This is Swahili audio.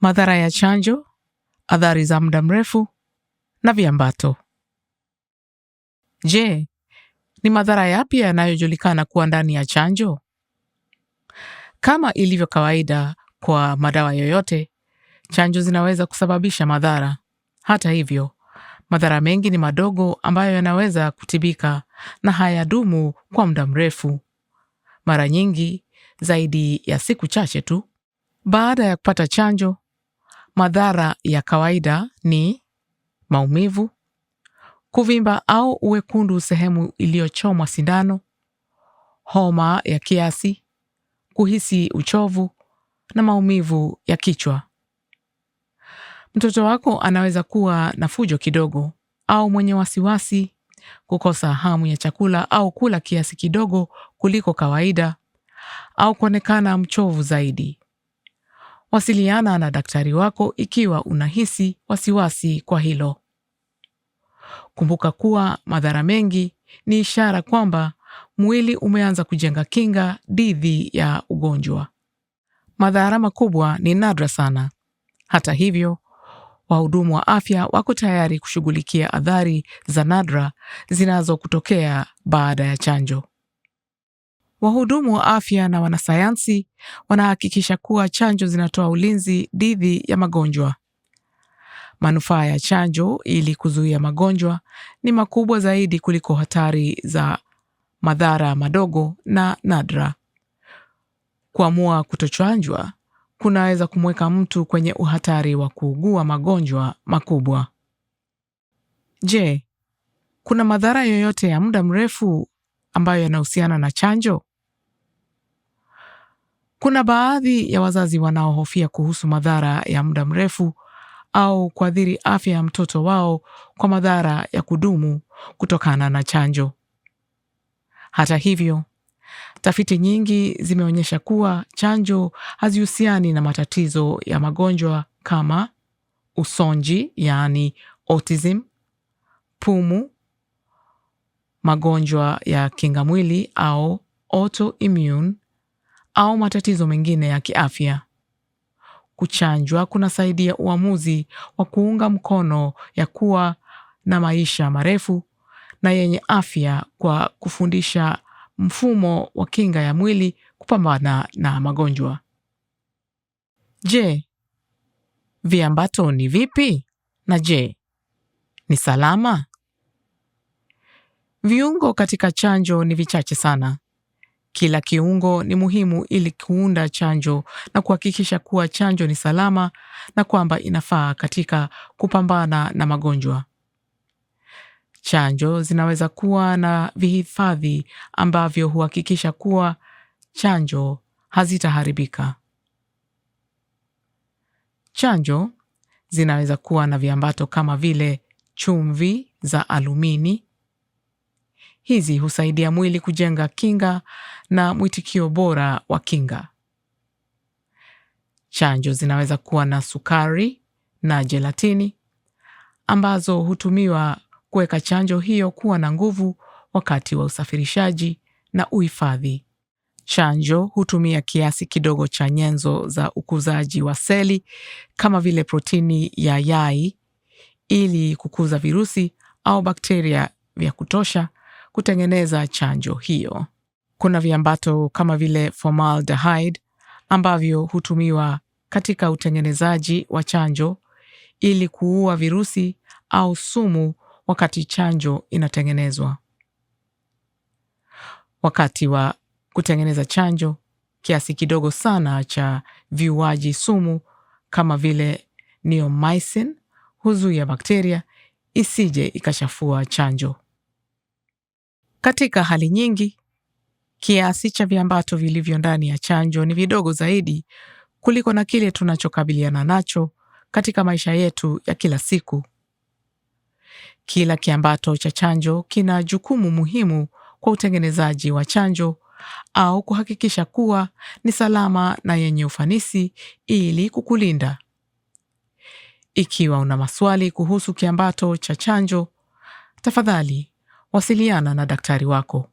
madhara ya chanjo, athari za muda mrefu na viambato. Je, ni madhara yapi yanayojulikana kuwa ndani ya chanjo? Kama ilivyo kawaida kwa madawa yoyote, chanjo zinaweza kusababisha madhara. Hata hivyo, madhara mengi ni madogo ambayo yanaweza kutibika na hayadumu kwa muda mrefu, mara nyingi zaidi ya siku chache tu baada ya kupata chanjo. Madhara ya kawaida ni maumivu, kuvimba au uwekundu sehemu iliyochomwa sindano, homa ya kiasi, kuhisi uchovu na maumivu ya kichwa. Mtoto wako anaweza kuwa na fujo kidogo au mwenye wasiwasi, kukosa hamu ya chakula au kula kiasi kidogo kuliko kawaida, au kuonekana mchovu zaidi. Wasiliana na daktari wako ikiwa unahisi wasiwasi kwa hilo. Kumbuka kuwa madhara mengi ni ishara kwamba mwili umeanza kujenga kinga dhidi ya ugonjwa. Madhara makubwa ni nadra sana. Hata hivyo, wahudumu wa afya wako tayari kushughulikia athari za nadra zinazokutokea baada ya chanjo. Wahudumu wa afya na wanasayansi wanahakikisha kuwa chanjo zinatoa ulinzi dhidi ya magonjwa. Manufaa ya chanjo ili kuzuia magonjwa ni makubwa zaidi kuliko hatari za madhara madogo na nadra. Kuamua kutochanjwa kunaweza kumweka mtu kwenye uhatari wa kuugua magonjwa makubwa. Je, kuna madhara yoyote ya muda mrefu ambayo yanahusiana na chanjo? Kuna baadhi ya wazazi wanaohofia kuhusu madhara ya muda mrefu au kuathiri afya ya mtoto wao kwa madhara ya kudumu kutokana na chanjo. Hata hivyo, tafiti nyingi zimeonyesha kuwa chanjo hazihusiani na matatizo ya magonjwa kama usonji, yaani autism, pumu, magonjwa ya kingamwili au autoimmune au matatizo mengine ya kiafya. Kuchanjwa kunasaidia uamuzi wa kuunga mkono ya kuwa na maisha marefu na yenye afya kwa kufundisha mfumo wa kinga ya mwili kupambana na magonjwa. Je, viambato ni vipi na je, ni salama? Viungo katika chanjo ni vichache sana. Kila kiungo ni muhimu ili kuunda chanjo na kuhakikisha kuwa chanjo ni salama na kwamba inafaa katika kupambana na magonjwa. Chanjo zinaweza kuwa na vihifadhi ambavyo huhakikisha kuwa chanjo hazitaharibika. Chanjo zinaweza kuwa na viambato kama vile chumvi za alumini Hizi husaidia mwili kujenga kinga na mwitikio bora wa kinga. Chanjo zinaweza kuwa na sukari na jelatini ambazo hutumiwa kuweka chanjo hiyo kuwa na nguvu wakati wa usafirishaji na uhifadhi. Chanjo hutumia kiasi kidogo cha nyenzo za ukuzaji wa seli kama vile protini ya yai ili kukuza virusi au bakteria vya kutosha kutengeneza chanjo hiyo. Kuna viambato kama vile formaldehyde ambavyo hutumiwa katika utengenezaji wa chanjo ili kuua virusi au sumu wakati chanjo inatengenezwa. Wakati wa kutengeneza chanjo, kiasi kidogo sana cha viuaji sumu kama vile neomycin huzuia bakteria isije ikachafua chanjo. Katika hali nyingi, kiasi cha viambato vilivyo ndani ya chanjo ni vidogo zaidi kuliko na kile tunachokabiliana nacho katika maisha yetu ya kila siku. Kila kiambato cha chanjo kina jukumu muhimu kwa utengenezaji wa chanjo au kuhakikisha kuwa ni salama na yenye ufanisi ili kukulinda. Ikiwa una maswali kuhusu kiambato cha chanjo, tafadhali Wasiliana na daktari wako.